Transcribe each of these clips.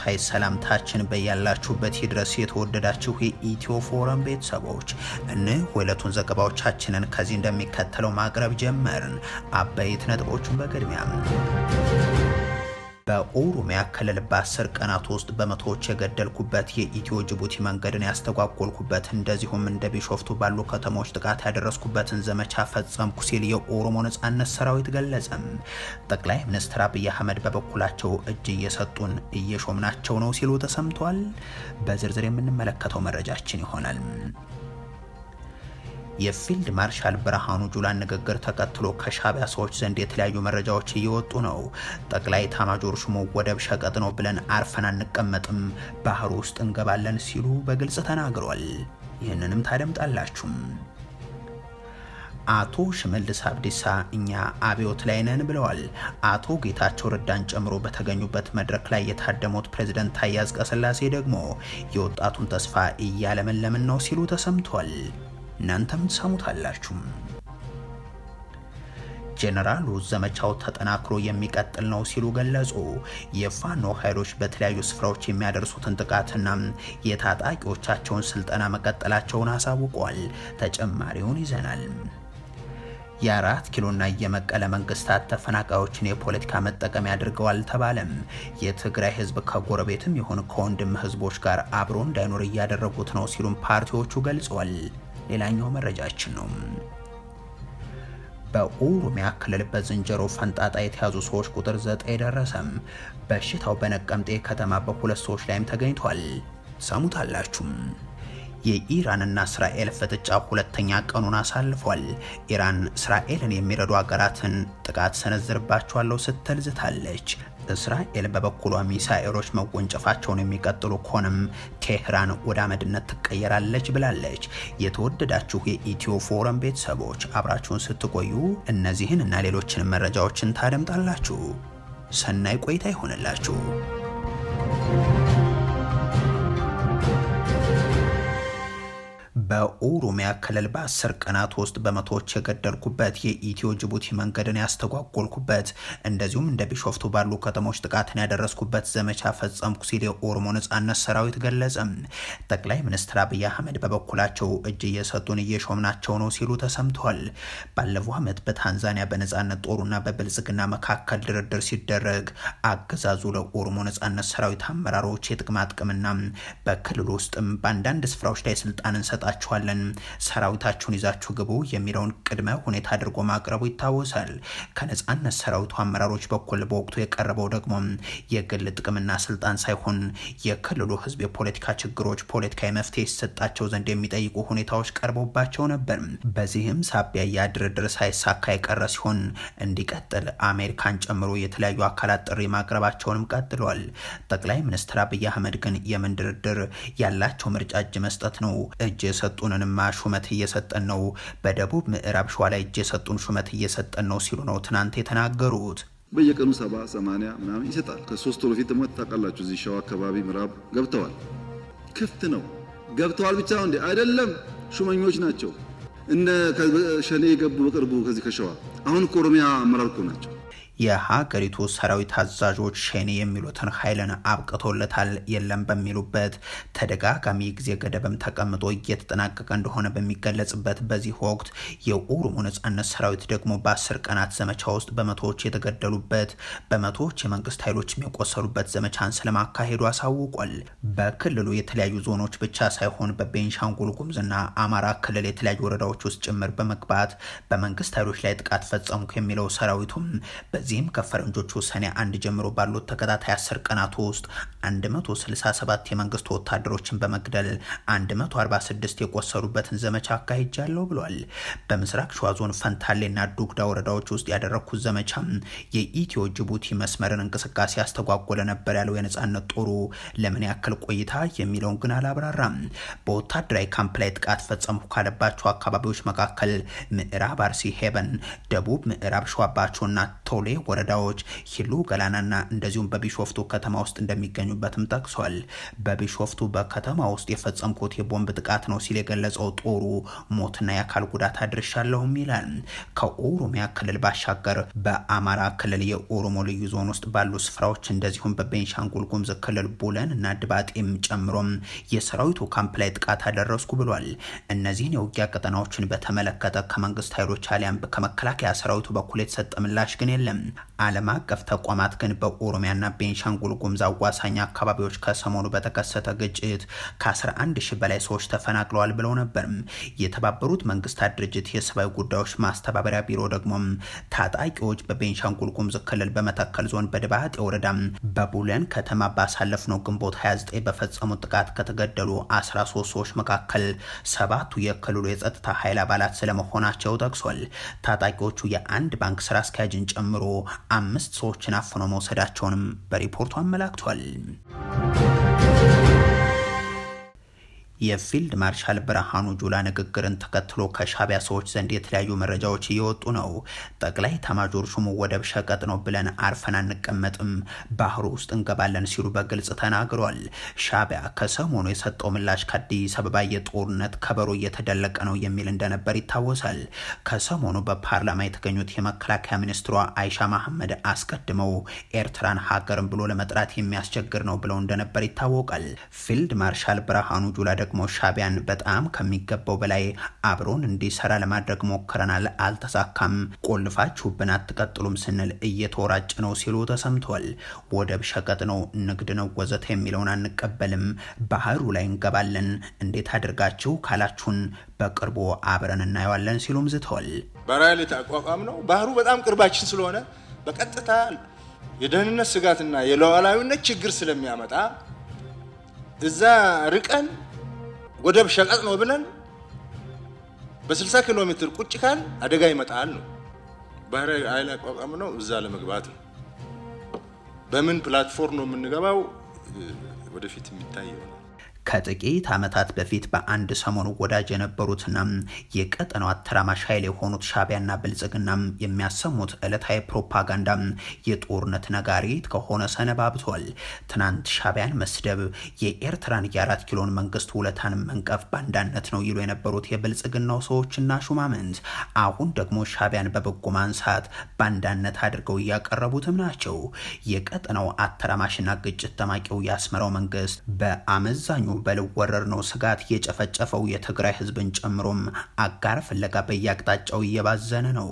ታይ ሰላምታችን በያላችሁበት ይድረስ። የተወደዳችሁ የኢትዮ ፎረም ቤተሰቦች እነሆ ሁለቱን ዘገባዎቻችንን ከዚህ እንደሚከተለው ማቅረብ ጀመርን። አበይት ነጥቦቹን በቅድሚያ በኦሮሚያ ክልል በአስር ቀናት ውስጥ በመቶዎች የገደልኩበት የኢትዮ ጅቡቲ መንገድን ያስተጓጎልኩበት እንደዚሁም እንደ ቢሾፍቱ ባሉ ከተሞች ጥቃት ያደረስኩበትን ዘመቻ ፈጸምኩ ሲል የኦሮሞ ነጻነት ሰራዊት ገለጸም። ጠቅላይ ሚኒስትር አብይ አህመድ በበኩላቸው እጅ እየሰጡን እየሾምናቸው ነው ሲሉ ተሰምቷል። በዝርዝር የምንመለከተው መረጃችን ይሆናል። የፊልድ ማርሻል ብርሃኑ ጁላን ንግግር ተከትሎ ከሻቢያ ሰዎች ዘንድ የተለያዩ መረጃዎች እየወጡ ነው። ጠቅላይ ታማጆር ሹሙ ወደብ ሸቀጥ ነው ብለን አርፈን አንቀመጥም፣ ባህር ውስጥ እንገባለን ሲሉ በግልጽ ተናግሯል። ይህንንም ታደምጣላችሁም። አቶ ሽመልስ አብዲሳ እኛ አብዮት ላይ ነን ብለዋል። አቶ ጌታቸው ረዳን ጨምሮ በተገኙበት መድረክ ላይ የታደሙት ፕሬዝደንት ታዬ አጽቀሥላሴ ደግሞ የወጣቱን ተስፋ እያለመለምን ነው ሲሉ ተሰምቷል። እናንተም ሰሙታላችሁ። ጄኔራሉ ዘመቻው ተጠናክሮ የሚቀጥል ነው ሲሉ ገለጹ። የፋኖ ኃይሎች በተለያዩ ስፍራዎች የሚያደርሱትን ጥቃትና የታጣቂዎቻቸውን ስልጠና መቀጠላቸውን አሳውቀዋል። ተጨማሪውን ይዘናል። የአራት ኪሎና የመቀለ መንግስታት ተፈናቃዮችን የፖለቲካ መጠቀሚያ አድርገዋል ተባለም። የትግራይ ህዝብ ከጎረቤትም ይሁን ከወንድም ህዝቦች ጋር አብሮ እንዳይኖር እያደረጉት ነው ሲሉም ፓርቲዎቹ ገልጸዋል። ሌላኛው መረጃችን ነው። በኦሮሚያ ክልል በዝንጀሮ ፈንጣጣ የተያዙ ሰዎች ቁጥር ዘጠኝ ደረሰም። በሽታው በነቀምጤ ከተማ በሁለት ሰዎች ላይም ተገኝቷል። ሰሙታላችሁም። የኢራንና እስራኤል ፍጥጫ ሁለተኛ ቀኑን አሳልፏል። ኢራን እስራኤልን የሚረዱ ሀገራትን ጥቃት ሰነዝርባቸዋለሁ ስትል ዝታለች። እስራኤል በበኩሏ ሚሳኤሎች መወንጨፋቸውን የሚቀጥሉ ከሆነም ቴህራን ወደ አመድነት ትቀየራለች ብላለች። የተወደዳችሁ የኢትዮ ፎረም ቤተሰቦች አብራችሁን ስትቆዩ እነዚህን እና ሌሎችንም መረጃዎችን ታደምጣላችሁ። ሰናይ ቆይታ ይሆንላችሁ። በኦሮሚያ ክልል በአስር ቀናት ውስጥ በመቶዎች የገደልኩበት የኢትዮ ጅቡቲ መንገድን ያስተጓጎልኩበት እንደዚሁም እንደ ቢሾፍቱ ባሉ ከተሞች ጥቃትን ያደረስኩበት ዘመቻ ፈጸምኩ ሲል የኦሮሞ ነጻነት ሰራዊት ገለጸ። ጠቅላይ ሚኒስትር አብይ አህመድ በበኩላቸው እጅ እየሰጡን እየሾምናቸው ነው ሲሉ ተሰምተዋል። ባለፈው ዓመት በታንዛኒያ በነጻነት ጦሩና በብልጽግና መካከል ድርድር ሲደረግ አገዛዙ ለኦሮሞ ነጻነት ሰራዊት አመራሮች የጥቅማ ጥቅምና በክልል ውስጥም በአንዳንድ ስፍራዎች ላይ ስልጣን እንሰጣቸው እንላችኋለን። ሰራዊታችሁን ይዛችሁ ግቡ የሚለውን ቅድመ ሁኔታ አድርጎ ማቅረቡ ይታወሳል። ከነጻነት ሰራዊቱ አመራሮች በኩል በወቅቱ የቀረበው ደግሞ የግል ጥቅምና ስልጣን ሳይሆን የክልሉ ህዝብ የፖለቲካ ችግሮች ፖለቲካዊ መፍትሄ ይሰጣቸው ዘንድ የሚጠይቁ ሁኔታዎች ቀርቦባቸው ነበር። በዚህም ሳቢያ ያ ድርድር ሳይሳካ የቀረ ሲሆን እንዲቀጥል አሜሪካን ጨምሮ የተለያዩ አካላት ጥሪ ማቅረባቸውንም ቀጥሏል። ጠቅላይ ሚኒስትር አብይ አህመድ ግን የምን ድርድር ያላቸው ምርጫ እጅ መስጠት ነው እጅ የሰጡንንም ሹመት እየሰጠን ነው፣ በደቡብ ምዕራብ ሸዋ ላይ እጅ የሰጡን ሹመት እየሰጠን ነው ሲሉ ነው ትናንት የተናገሩት። በየቀኑ ሰባ ሰማንያ ምናምን ይሰጣል። ከሶስት ወር በፊት ደግሞ ታውቃላችሁ፣ እዚህ ሸዋ አካባቢ ምዕራብ ገብተዋል። ክፍት ነው ገብተዋል ብቻ እንዴ አይደለም፣ ሹመኞች ናቸው። እነ ሸኔ የገቡ በቅርቡ ከዚህ ከሸዋ አሁን ከኦሮሚያ አመራር እኮ ናቸው የሀገሪቱ ሰራዊት አዛዦች ሸኔ የሚሉትን ኃይልን አብቅቶለታል የለም በሚሉበት ተደጋጋሚ ጊዜ ገደብም ተቀምጦ እየተጠናቀቀ እንደሆነ በሚገለጽበት በዚህ ወቅት የኦሮሞ ነጻነት ሰራዊት ደግሞ በአስር ቀናት ዘመቻ ውስጥ በመቶዎች የተገደሉበት በመቶዎች የመንግስት ኃይሎች የሚቆሰሉበት ዘመቻን ስለማካሄዱ አሳውቋል። በክልሉ የተለያዩ ዞኖች ብቻ ሳይሆን በቤንሻንጉል ጉምዝና አማራ ክልል የተለያዩ ወረዳዎች ውስጥ ጭምር በመግባት በመንግስት ኃይሎች ላይ ጥቃት ፈጸሙ የሚለው ሰራዊቱም በዚህም ከፈረንጆቹ ሰኔ አንድ ጀምሮ ባሉት ተከታታይ አስር ቀናት ውስጥ 167 የመንግስት ወታደሮችን በመግደል 146 የቆሰሩበትን ዘመቻ አካሂጃለሁ ብሏል። በምስራቅ ሸዋ ዞን ፈንታሌና ዱግዳ ወረዳዎች ውስጥ ያደረግኩት ዘመቻ የኢትዮ ጅቡቲ መስመርን እንቅስቃሴ ያስተጓጎለ ነበር ያለው የነጻነት ጦሩ ለምን ያክል ቆይታ የሚለውን ግን አላብራራም። በወታደራዊ ካምፕ ላይ ጥቃት ፈጸምኩ ካለባቸው አካባቢዎች መካከል ምዕራብ አርሲ ሄበን፣ ደቡብ ምዕራብ ሸዋባቸውና ቶሌ ወረዳዎች ሂሉ ገላናና እንደዚሁም በቢሾፍቱ ከተማ ውስጥ እንደሚገኙበትም ጠቅሷል። በቢሾፍቱ በከተማ ውስጥ የፈጸምኩት የቦምብ ጥቃት ነው ሲል የገለጸው ጦሩ ሞትና የአካል ጉዳት አድርሻለሁም ይላል። ከኦሮሚያ ክልል ባሻገር በአማራ ክልል የኦሮሞ ልዩ ዞን ውስጥ ባሉ ስፍራዎች እንደዚሁም በቤንሻንጉል ጉምዝ ክልል ቡለን እና ድባጤም ጨምሮም የሰራዊቱ ካምፕ ላይ ጥቃት አደረስኩ ብሏል። እነዚህን የውጊያ ቀጠናዎችን በተመለከተ ከመንግስት ኃይሎች አሊያም ከመከላከያ ሰራዊቱ በኩል የተሰጠ ምላሽ ግን የለም። ዓለም አቀፍ ተቋማት ግን በኦሮሚያና ቤንሻንጉል ጉሙዝ አዋሳኝ አካባቢዎች ከሰሞኑ በተከሰተ ግጭት ከ11 ሺህ በላይ ሰዎች ተፈናቅለዋል ብለው ነበር። የተባበሩት መንግስታት ድርጅት የሰብአዊ ጉዳዮች ማስተባበሪያ ቢሮ ደግሞ ታጣቂዎች በቤንሻንጉል ጉሙዝ ክልል በመተከል ዞን በድባጤ ወረዳ በቡለን ከተማ ባሳለፍነው ግንቦት 29 በፈጸሙት ጥቃት ከተገደሉ 13 ሰዎች መካከል ሰባቱ የክልሉ የጸጥታ ኃይል አባላት ስለመሆናቸው ጠቅሷል። ታጣቂዎቹ የአንድ ባንክ ስራ አስኪያጅን ጨምሮ አምስት ሰዎችን አፍኖ መውሰዳቸውንም በሪፖርቱ አመላክቷል። የፊልድ ማርሻል ብርሃኑ ጁላ ንግግርን ተከትሎ ከሻቢያ ሰዎች ዘንድ የተለያዩ መረጃዎች እየወጡ ነው። ጠቅላይ ተማጆር ሹሙ ወደብ ሸቀጥ ነው ብለን አርፈን አንቀመጥም፣ ባህሩ ውስጥ እንገባለን ሲሉ በግልጽ ተናግሯል። ሻቢያ ከሰሞኑ የሰጠው ምላሽ ከአዲስ አበባ የጦርነት ከበሮ እየተደለቀ ነው የሚል እንደነበር ይታወሳል። ከሰሞኑ በፓርላማ የተገኙት የመከላከያ ሚኒስትሯ አይሻ መሐመድ አስቀድመው ኤርትራን ሀገርም ብሎ ለመጥራት የሚያስቸግር ነው ብለው እንደነበር ይታወቃል። ፊልድ ማርሻል ብርሃኑ ጁላ ደግሞ ሻቢያን በጣም ከሚገባው በላይ አብሮን እንዲሰራ ለማድረግ ሞክረናል፣ አልተሳካም፣ ቆልፋችሁብን አትቀጥሉም ስንል እየተወራጭ ነው ሲሉ ተሰምቷል። ወደብ ሸቀጥ ነው፣ ንግድ ነው፣ ወዘተ የሚለውን አንቀበልም፣ ባህሩ ላይ እንገባለን፣ እንዴት አድርጋችሁ ካላችሁን በቅርቡ አብረን እናየዋለን ሲሉም ዝተዋል። በራይል የተቋቋም ነው። ባህሩ በጣም ቅርባችን ስለሆነ በቀጥታ የደህንነት ስጋትና የሉዓላዊነት ችግር ስለሚያመጣ እዛ ርቀን ወደብ ሸቀጥ ነው ብለን በ60 ኪሎ ሜትር ቁጭ ካል አደጋ ይመጣል ነው። ባህራዊ ኃይል አቋቋም ነው እዛ ለመግባት ነው። በምን ፕላትፎርም ነው የምንገባው ወደፊት ነው። ከጥቂት ዓመታት በፊት በአንድ ሰሞኑ ወዳጅ የነበሩትና የቀጠናው አተራማሽ ኃይል የሆኑት ሻቢያና ብልጽግና የሚያሰሙት ዕለታዊ ፕሮፓጋንዳ የጦርነት ነጋሪት ከሆነ ሰነባብቷል። ትናንት ሻቢያን መስደብ፣ የኤርትራን የአራት ኪሎን መንግስት ውለታን መንቀፍ ባንዳነት ነው ይሉ የነበሩት የብልጽግናው ሰዎችና ሹማምንት አሁን ደግሞ ሻቢያን በበጎ ማንሳት ባንዳነት አድርገው እያቀረቡትም ናቸው። የቀጠናው አተራማሽና ግጭት ጠማቂው የአስመራው መንግስት በአመዛኙ በልወረር ነው ስጋት የጨፈጨፈው የትግራይ ህዝብን ጨምሮም አጋር ፍለጋ በየአቅጣጫው እየባዘነ ነው።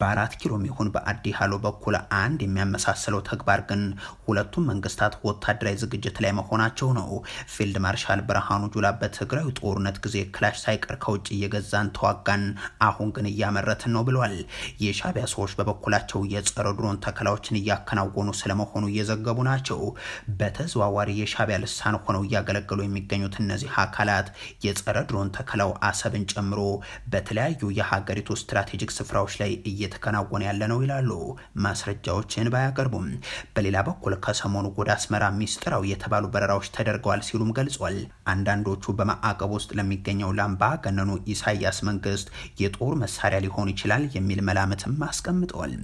በአራት ኪሎም ይሁን በአዲ በኩል አንድ የሚያመሳስለው ተግባር ግን ሁለቱም መንግስታት ወታደራዊ ዝግጅት ላይ መሆናቸው ነው። ፊልድ ማርሻል ብርሃኑ ጁላ በትግራዩ ጦርነት ጊዜ ክላሽ ሳይቀር ከውጭ እየገዛን ተዋጋን፣ አሁን ግን እያመረትን ነው ብለዋል። የሻቢያ ሰዎች በበኩላቸው የጸረ ድሮን ተከላዎችን እያከናወኑ ስለመሆኑ እየዘገቡ ናቸው። በተዘዋዋሪ የሻቢያ ልሳን ሆነው እያገለገሉ የሚ የሚገኙት እነዚህ አካላት የጸረ ድሮን ተከላው አሰብን ጨምሮ በተለያዩ የሀገሪቱ ስትራቴጂክ ስፍራዎች ላይ እየተከናወነ ያለ ነው ይላሉ። ማስረጃዎችን ባያቀርቡም በሌላ በኩል ከሰሞኑ ወደ አስመራ ሚስጥራዊ የተባሉ በረራዎች ተደርገዋል ሲሉም ገልጿል። አንዳንዶቹ በማዕቀብ ውስጥ ለሚገኘው ገነኑ ኢሳያስ መንግስት የጦር መሳሪያ ሊሆን ይችላል የሚል መላምትም አስቀምጠዋል።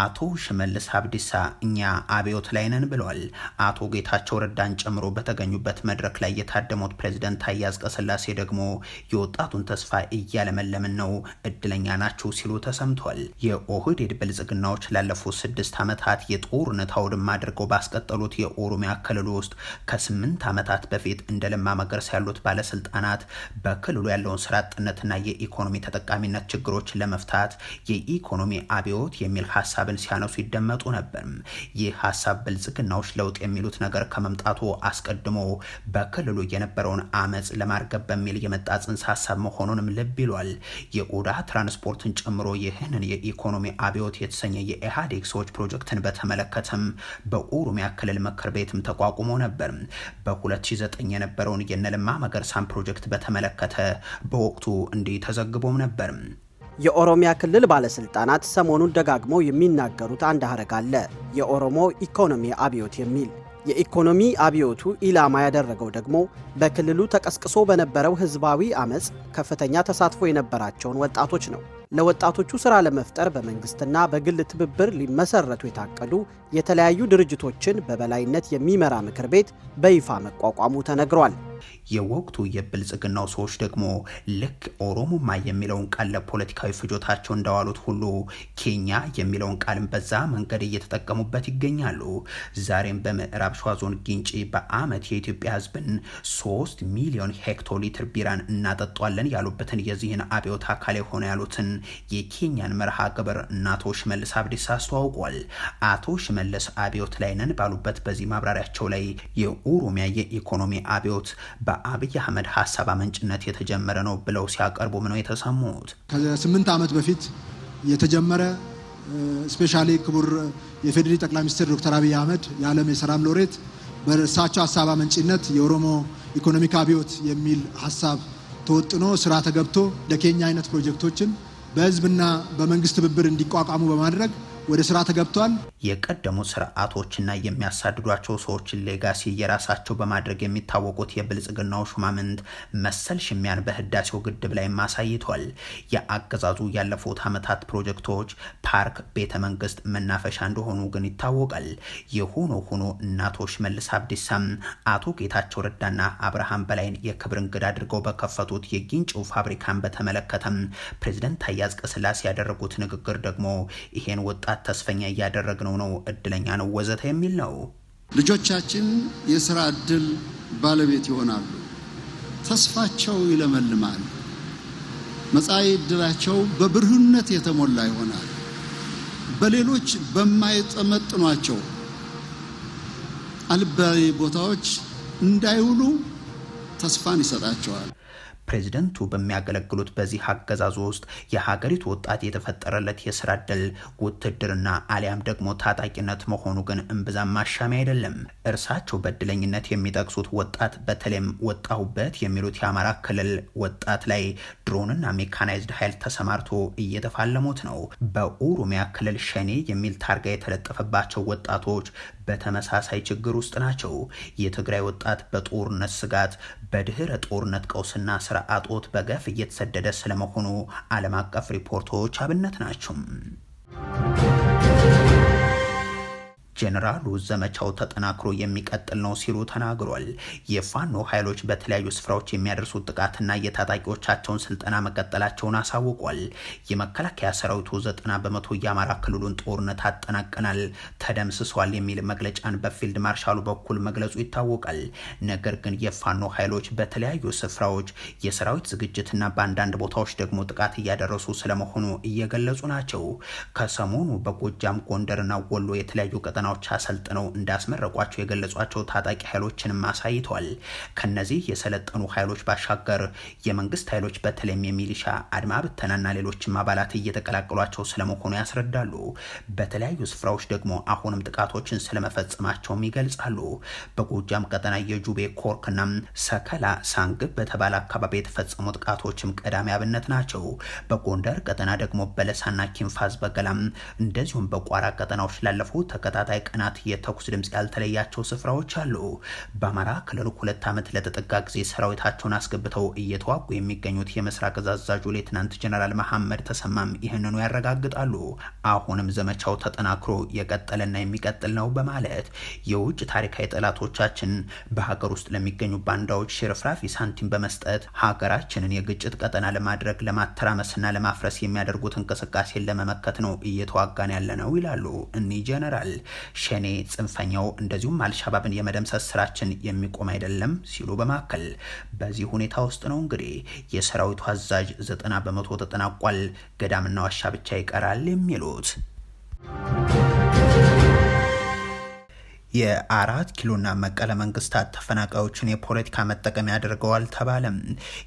አቶ ሽመልስ አብዲሳ እኛ አብዮት ላይ ነን ብለዋል። አቶ ጌታቸው ረዳን ጨምሮ በተገኙበት መድረክ ላይ የታደሙት ፕሬዝደንት ታዬ አጽቀሥላሴ ደግሞ የወጣቱን ተስፋ እያለመለምን ነው፣ እድለኛ ናቸው ሲሉ ተሰምቷል። የኦህዴድ ብልጽግናዎች ላለፉት ስድስት ዓመታት የጦርነት አውድማ አድርገው ባስቀጠሉት የኦሮሚያ ክልል ውስጥ ከስምንት ዓመታት በፊት እንደ ለማ መገርሳ ያሉት ባለስልጣናት በክልሉ ያለውን ስራ አጥነትና የኢኮኖሚ ተጠቃሚነት ችግሮች ለመፍታት የኢኮኖሚ አብዮት የሚል ሀሳብ ሀሳብን ሲያነሱ ይደመጡ ነበር። ይህ ሀሳብ ብልጽግናዎች ለውጥ የሚሉት ነገር ከመምጣቱ አስቀድሞ በክልሉ የነበረውን አመፅ ለማርገብ በሚል የመጣ ጽንሰ ሀሳብ መሆኑንም ልብ ይሏል። የኦዳ ትራንስፖርትን ጨምሮ ይህንን የኢኮኖሚ አብዮት የተሰኘ የኢህአዴግ ሰዎች ፕሮጀክትን በተመለከተም በኦሮሚያ ክልል ምክር ቤትም ተቋቁሞ ነበር። በ2009 የነበረውን የነልማ መገርሳን ፕሮጀክት በተመለከተ በወቅቱ እንዲህ ተዘግቦም ነበር። የኦሮሚያ ክልል ባለስልጣናት ሰሞኑን ደጋግመው የሚናገሩት አንድ ሀረግ አለ፣ የኦሮሞ ኢኮኖሚ አብዮት የሚል። የኢኮኖሚ አብዮቱ ኢላማ ያደረገው ደግሞ በክልሉ ተቀስቅሶ በነበረው ህዝባዊ አመፅ ከፍተኛ ተሳትፎ የነበራቸውን ወጣቶች ነው። ለወጣቶቹ ስራ ለመፍጠር በመንግስትና በግል ትብብር ሊመሰረቱ የታቀዱ የተለያዩ ድርጅቶችን በበላይነት የሚመራ ምክር ቤት በይፋ መቋቋሙ ተነግሯል። የወቅቱ የብልጽግናው ሰዎች ደግሞ ልክ ኦሮሞማ የሚለውን ቃል ለፖለቲካዊ ፍጆታቸው እንዳዋሉት ሁሉ ኬኛ የሚለውን ቃልም በዛ መንገድ እየተጠቀሙበት ይገኛሉ። ዛሬም በምዕራብ ሸዋ ዞን ግንጪ በአመት የኢትዮጵያ ህዝብን ሶስት ሚሊዮን ሄክቶ ሊትር ቢራን እናጠጧለን ያሉበትን የዚህን አብዮት አካል የሆነ ያሉትን የኬኛን መርሃ ግብር እና አቶ ሽመልስ አብዲሳ አስተዋውቋል። አቶ ሽመልስ አብዮት ላይ ነን ባሉበት በዚህ ማብራሪያቸው ላይ የኦሮሚያ የኢኮኖሚ አብዮት በ በአብይ አህመድ ሀሳብ አመንጭነት የተጀመረ ነው ብለው ሲያቀርቡም ነው የተሰሙት። ከስምንት ዓመት በፊት የተጀመረ ስፔሻሊ ክቡር የፌዴሪ ጠቅላይ ሚኒስትር ዶክተር አብይ አህመድ የዓለም የሰላም ሎሬት በእርሳቸው ሀሳብ አመንጭነት የኦሮሞ ኢኮኖሚክ አብዮት የሚል ሀሳብ ተወጥኖ ስራ ተገብቶ ለኬኛ አይነት ፕሮጀክቶችን በህዝብና በመንግስት ትብብር እንዲቋቋሙ በማድረግ ወደ ስራ ተገብቷል። የቀደሙ ስርዓቶችና የሚያሳድዷቸው ሰዎችን ሌጋሲ የራሳቸው በማድረግ የሚታወቁት የብልጽግናው ሹማምንት መሰል ሽሚያን በህዳሴው ግድብ ላይ ማሳይቷል። የአገዛዙ ያለፉት ዓመታት ፕሮጀክቶች ፓርክ፣ ቤተ መንግስት፣ መናፈሻ እንደሆኑ ግን ይታወቃል። የሆኖ ሆኖ እናቶች መልስ አብዲሳም አቶ ጌታቸው ረዳና አብርሃም በላይን የክብር እንግዳ አድርገው በከፈቱት የጊንጭው ፋብሪካን በተመለከተም ፕሬዝደንት ታዬ አጽቀሥላሴ ያደረጉት ንግግር ደግሞ ይሄን ወጣት ለማሳካት ተስፈኛ እያደረግነው ነው። እድለኛ ነው ወዘተ የሚል ነው። ልጆቻችን የስራ እድል ባለቤት ይሆናሉ። ተስፋቸው ይለመልማል። መጻኢ እድላቸው በብርህነት የተሞላ ይሆናል። በሌሎች በማይጠመጥኗቸው አልባሌ ቦታዎች እንዳይውሉ ተስፋን ይሰጣቸዋል። ፕሬዚደንቱ በሚያገለግሉት በዚህ አገዛዙ ውስጥ የሀገሪቱ ወጣት የተፈጠረለት የስራ እድል ውትድርና አሊያም ደግሞ ታጣቂነት መሆኑ ግን እምብዛም ማሻሚ አይደለም። እርሳቸው በእድለኝነት የሚጠቅሱት ወጣት በተለይም ወጣሁበት የሚሉት የአማራ ክልል ወጣት ላይ ድሮንና ሜካናይዝድ ኃይል ተሰማርቶ እየተፋለሙት ነው። በኦሮሚያ ክልል ሸኔ የሚል ታርጋ የተለጠፈባቸው ወጣቶች በተመሳሳይ ችግር ውስጥ ናቸው። የትግራይ ወጣት በጦርነት ስጋት በድህረ ጦርነት ቀውስና ስራ አጦት በገፍ እየተሰደደ ስለመሆኑ ዓለም አቀፍ ሪፖርቶች አብነት ናቸው። ጄኔራሉ ዘመቻው ተጠናክሮ የሚቀጥል ነው ሲሉ ተናግሯል። የፋኖ ኃይሎች በተለያዩ ስፍራዎች የሚያደርሱት ጥቃትና የታጣቂዎቻቸውን ስልጠና መቀጠላቸውን አሳውቋል። የመከላከያ ሰራዊቱ ዘጠና በመቶ የአማራ ክልሉን ጦርነት አጠናቀናል፣ ተደምስሷል የሚል መግለጫን በፊልድ ማርሻሉ በኩል መግለጹ ይታወቃል። ነገር ግን የፋኖ ኃይሎች በተለያዩ ስፍራዎች የሰራዊት ዝግጅትና በአንዳንድ ቦታዎች ደግሞ ጥቃት እያደረሱ ስለመሆኑ እየገለጹ ናቸው። ከሰሞኑ በጎጃም ጎንደርና ወሎ የተለያዩ ቀጠና ስልጠናዎች አሰልጥነው እንዳስመረቋቸው የገለጿቸው ታጣቂ ኃይሎችንም አሳይተዋል። ከነዚህ የሰለጠኑ ኃይሎች ባሻገር የመንግስት ኃይሎች በተለይም የሚሊሻ አድማ ብተናና ሌሎችም አባላት እየተቀላቀሏቸው ስለመሆኑ ያስረዳሉ። በተለያዩ ስፍራዎች ደግሞ አሁንም ጥቃቶችን ስለመፈጸማቸውም ይገልጻሉ። በጎጃም ቀጠና የጁቤ ኮርክና ሰከላ ሳንግብ በተባለ አካባቢ የተፈጸሙ ጥቃቶችም ቀዳሚ አብነት ናቸው። በጎንደር ቀጠና ደግሞ በለሳና ኪንፋዝ በገላም እንደዚሁም በቋራ ቀጠናዎች ላለፉ ተከታታይ ተከታታይ ቀናት የተኩስ ድምፅ ያልተለያቸው ስፍራዎች አሉ። በአማራ ክልል ሁለት ዓመት ለተጠጋ ጊዜ ሰራዊታቸውን አስገብተው እየተዋጉ የሚገኙት የምስራቅ እዝ አዛዡ ሌትናንት ጀነራል መሐመድ ተሰማም ይህንኑ ያረጋግጣሉ። አሁንም ዘመቻው ተጠናክሮ የቀጠለና የሚቀጥል ነው በማለት የውጭ ታሪካዊ ጠላቶቻችን በሀገር ውስጥ ለሚገኙ ባንዳዎች ሽርፍራፊ ሳንቲም በመስጠት ሀገራችንን የግጭት ቀጠና ለማድረግ ለማተራመስና ለማፍረስ የሚያደርጉት እንቅስቃሴን ለመመከት ነው እየተዋጋን ያለ ነው ይላሉ እኒህ ጀነራል። ሸኔ ጽንፈኛው እንደዚሁም አልሻባብን የመደምሰስ ስራችን የሚቆም አይደለም ሲሉ በማከል በዚህ ሁኔታ ውስጥ ነው እንግዲህ የሰራዊቱ አዛዥ ዘጠና በመቶ ተጠናቋል ገዳምና ዋሻ ብቻ ይቀራል የሚሉት የአራት ኪሎና መቀለ መንግስታት ተፈናቃዮችን የፖለቲካ መጠቀሚያ አድርገዋል ተባለም።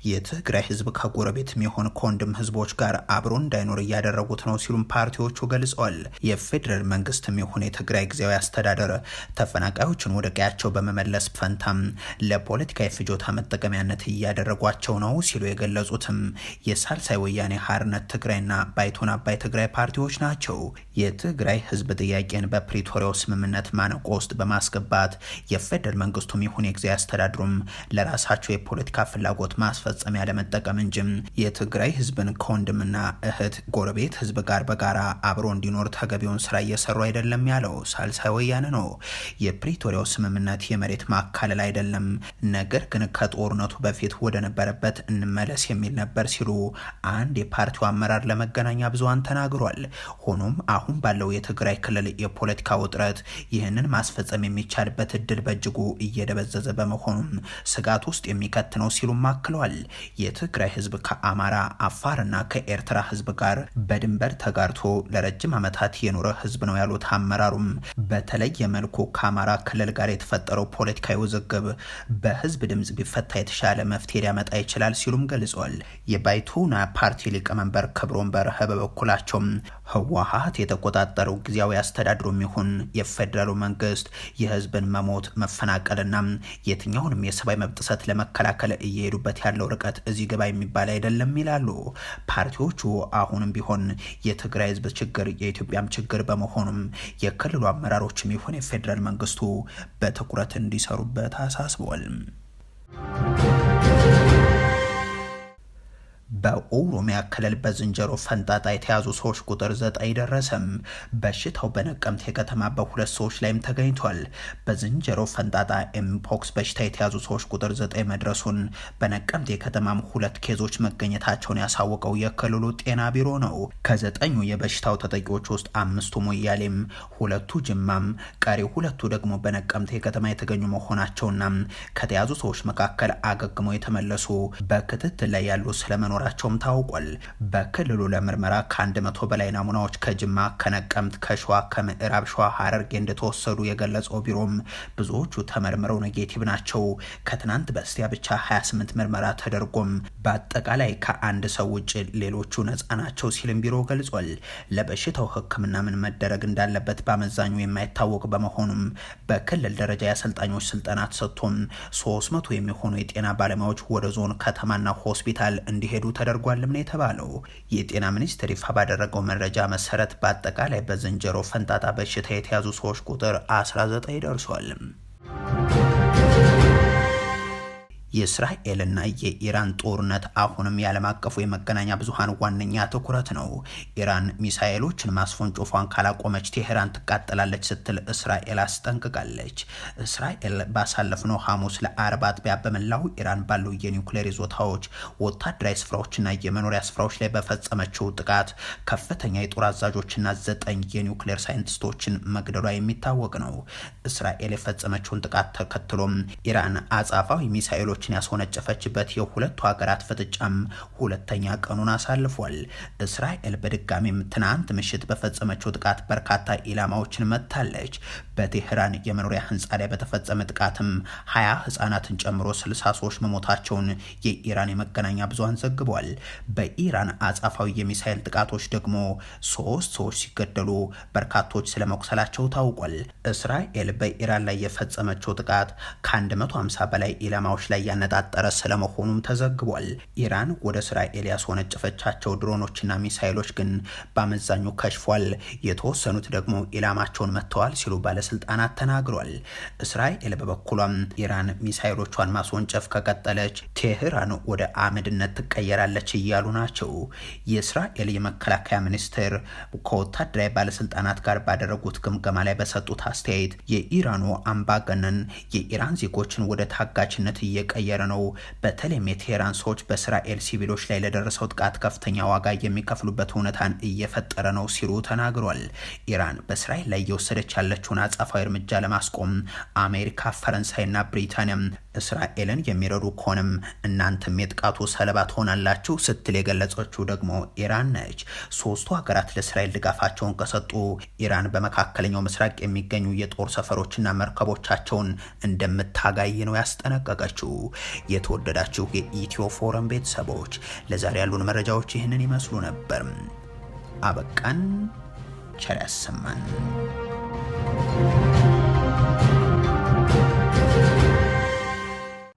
የትግራይ ህዝብ ከጎረቤት የሚሆን ከወንድም ህዝቦች ጋር አብሮ እንዳይኖር እያደረጉት ነው ሲሉም ፓርቲዎቹ ገልጸዋል። የፌዴራል መንግስት የሚሆን የትግራይ ጊዜያዊ አስተዳደር ተፈናቃዮችን ወደ ቀያቸው በመመለስ ፈንታም ለፖለቲካ የፍጆታ መጠቀሚያነት እያደረጓቸው ነው ሲሉ የገለጹትም የሳልሳይ ወያኔ ሀርነት ትግራይና ባይቶን አባይ ትግራይ ፓርቲዎች ናቸው። የትግራይ ህዝብ ጥያቄን በፕሪቶሪያው ስምምነት ማነቆ ውስጥ በማስገባት የፌደራል መንግስቱም ይሁን የጊዜያዊ አስተዳድሩም ለራሳቸው የፖለቲካ ፍላጎት ማስፈጸሚያ ለመጠቀም እንጂ የትግራይ ህዝብን ከወንድምና እህት ጎረቤት ህዝብ ጋር በጋራ አብሮ እንዲኖር ተገቢውን ስራ እየሰሩ አይደለም ያለው ሳልሳይ ወያነ ነው። የፕሪቶሪያው ስምምነት የመሬት ማካለል አይደለም፣ ነገር ግን ከጦርነቱ በፊት ወደ ነበረበት እንመለስ የሚል ነበር ሲሉ አንድ የፓርቲው አመራር ለመገናኛ ብዙሃን ተናግሯል። ሆኖም አሁን ባለው የትግራይ ክልል የፖለቲካ ውጥረት ይህንን ማስፈ መፈጸም የሚቻልበት እድል በእጅጉ እየደበዘዘ በመሆኑም ስጋት ውስጥ የሚከት ነው ሲሉም አክለዋል። የትግራይ ህዝብ ከአማራ አፋርና ከኤርትራ ህዝብ ጋር በድንበር ተጋርቶ ለረጅም ዓመታት የኖረ ህዝብ ነው ያሉት አመራሩም በተለየ መልኩ ከአማራ ክልል ጋር የተፈጠረው ፖለቲካዊ ውዝግብ በህዝብ ድምፅ ቢፈታ የተሻለ መፍትሄ ሊያመጣ ይችላል ሲሉም ገልጿል። የባይቶና ፓርቲ ሊቀመንበር ክብሮም በርሀ በበኩላቸውም ህወሀት የተቆጣጠረው ጊዜያዊ አስተዳድሮ የሚሆን የፌዴራሉ መንግስት የህዝብን መሞት መፈናቀልና የትኛውንም የሰብአዊ መብት ጥሰት ለመከላከል እየሄዱበት ያለው ርቀት እዚህ ግባ የሚባል አይደለም ይላሉ ፓርቲዎቹ። አሁንም ቢሆን የትግራይ ህዝብ ችግር የኢትዮጵያም ችግር በመሆኑም የክልሉ አመራሮችም ይሁን የፌዴራል መንግስቱ በትኩረት እንዲሰሩበት አሳስቧል። በኦሮሚያ ክልል በዝንጀሮ ፈንጣጣ የተያዙ ሰዎች ቁጥር ዘጠኝ ደረሰም። በሽታው በነቀምቴ ከተማ በሁለት ሰዎች ላይም ተገኝቷል። በዝንጀሮ ፈንጣጣ ኤምፖክስ በሽታ የተያዙ ሰዎች ቁጥር ዘጠኝ መድረሱን በነቀምቴ ከተማም ሁለት ኬዞች መገኘታቸውን ያሳወቀው የክልሉ ጤና ቢሮ ነው። ከዘጠኙ የበሽታው ተጠቂዎች ውስጥ አምስቱ ሞያሌም፣ ሁለቱ ጅማም፣ ቀሪ ሁለቱ ደግሞ በነቀምቴ ከተማ የተገኙ መሆናቸውና ከተያዙ ሰዎች መካከል አገግመው የተመለሱ በክትትል ላይ ያሉ ስለመኖ መኖራቸውም ታውቋል። በክልሉ ለምርመራ ከ100 በላይ ናሙናዎች ከጅማ፣ ከነቀምት፣ ከሸዋ፣ ከምዕራብ ሸዋ፣ ሀረርጌ እንደተወሰዱ የገለጸው ቢሮም ብዙዎቹ ተመርምረው ኔጌቲቭ ናቸው። ከትናንት በስቲያ ብቻ 28 ምርመራ ተደርጎም በአጠቃላይ ከአንድ ሰው ውጭ ሌሎቹ ነጻ ናቸው ሲልም ቢሮ ገልጿል። ለበሽታው ሕክምና ምን መደረግ እንዳለበት በአመዛኙ የማይታወቅ በመሆኑም በክልል ደረጃ የአሰልጣኞች ስልጠና ተሰጥቶም 300 የሚሆኑ የጤና ባለሙያዎች ወደ ዞን ከተማና ሆስፒታል እንዲሄዱ ተደርጓልም ነው የተባለው። የጤና ሚኒስቴር ይፋ ባደረገው መረጃ መሰረት በአጠቃላይ በዝንጀሮ ፈንጣጣ በሽታ የተያዙ ሰዎች ቁጥር 19 ደርሷል። የእስራኤልና የኢራን ጦርነት አሁንም የዓለም አቀፉ የመገናኛ ብዙሃን ዋነኛ ትኩረት ነው። ኢራን ሚሳኤሎችን ማስወንጨፏን ካላቆመች ቴሄራን ትቃጠላለች ስትል እስራኤል አስጠንቅቃለች። እስራኤል ባሳለፍነው ሐሙስ ለአርብ አጥቢያ በመላው ኢራን ባሉ የኒውክሌር ይዞታዎች፣ ወታደራዊ ስፍራዎችና የመኖሪያ ስፍራዎች ላይ በፈጸመችው ጥቃት ከፍተኛ የጦር አዛዦችና ዘጠኝ የኒውክሌር ሳይንቲስቶችን መግደሏ የሚታወቅ ነው። እስራኤል የፈጸመችውን ጥቃት ተከትሎም ኢራን አጻፋዊ ሚሳኤሎች ጀቶችን ያስወነጨፈችበት የሁለቱ ሀገራት ፍጥጫም ሁለተኛ ቀኑን አሳልፏል። እስራኤል በድጋሚም ትናንት ምሽት በፈጸመችው ጥቃት በርካታ ኢላማዎችን መታለች። በቴህራን የመኖሪያ ህንፃ ላይ በተፈጸመ ጥቃትም ሀያ ህጻናትን ጨምሮ ስልሳ ሰዎች መሞታቸውን የኢራን የመገናኛ ብዙሃን ዘግቧል። በኢራን አጻፋዊ የሚሳይል ጥቃቶች ደግሞ ሶስት ሰዎች ሲገደሉ በርካቶች ስለመቁሰላቸው ታውቋል። እስራኤል በኢራን ላይ የፈጸመችው ጥቃት ከ150 በላይ ኢላማዎች ላይ ያነጣጠረ ስለመሆኑም ተዘግቧል። ኢራን ወደ እስራኤል ያስወነጨፈቻቸው ድሮኖችና ሚሳይሎች ግን በአመዛኙ ከሽፏል። የተወሰኑት ደግሞ ኢላማቸውን መጥተዋል ሲሉ ባለስልጣናት ተናግሯል። እስራኤል በበኩሏም ኢራን ሚሳይሎቿን ማስወንጨፍ ከቀጠለች ቴህራን ወደ አመድነት ትቀየራለች እያሉ ናቸው። የእስራኤል የመከላከያ ሚኒስቴር ከወታደራዊ ባለስልጣናት ጋር ባደረጉት ግምገማ ላይ በሰጡት አስተያየት የኢራኑ አምባገነን የኢራን ዜጎችን ወደ ታጋችነት እየቀ እየተቀየረ ነው። በተለይም የቴህራን ሰዎች በእስራኤል ሲቪሎች ላይ ለደረሰው ጥቃት ከፍተኛ ዋጋ የሚከፍሉበት እውነታን እየፈጠረ ነው ሲሉ ተናግሯል። ኢራን በእስራኤል ላይ እየወሰደች ያለችውን አጸፋዊ እርምጃ ለማስቆም አሜሪካ፣ ፈረንሳይና ብሪታንያ እስራኤልን የሚረዱ ከሆንም እናንተም የጥቃቱ ሰለባ ትሆናላችሁ ስትል የገለጸችው ደግሞ ኢራን ነች። ሶስቱ ሀገራት ለእስራኤል ድጋፋቸውን ከሰጡ ኢራን በመካከለኛው ምስራቅ የሚገኙ የጦር ሰፈሮችና መርከቦቻቸውን እንደምታጋይ ነው ያስጠነቀቀችው። የተወደዳችሁ የኢትዮ ፎረም ቤተሰቦች ለዛሬ ያሉን መረጃዎች ይህንን ይመስሉ ነበር። አበቃን። ቸር ያሰማን።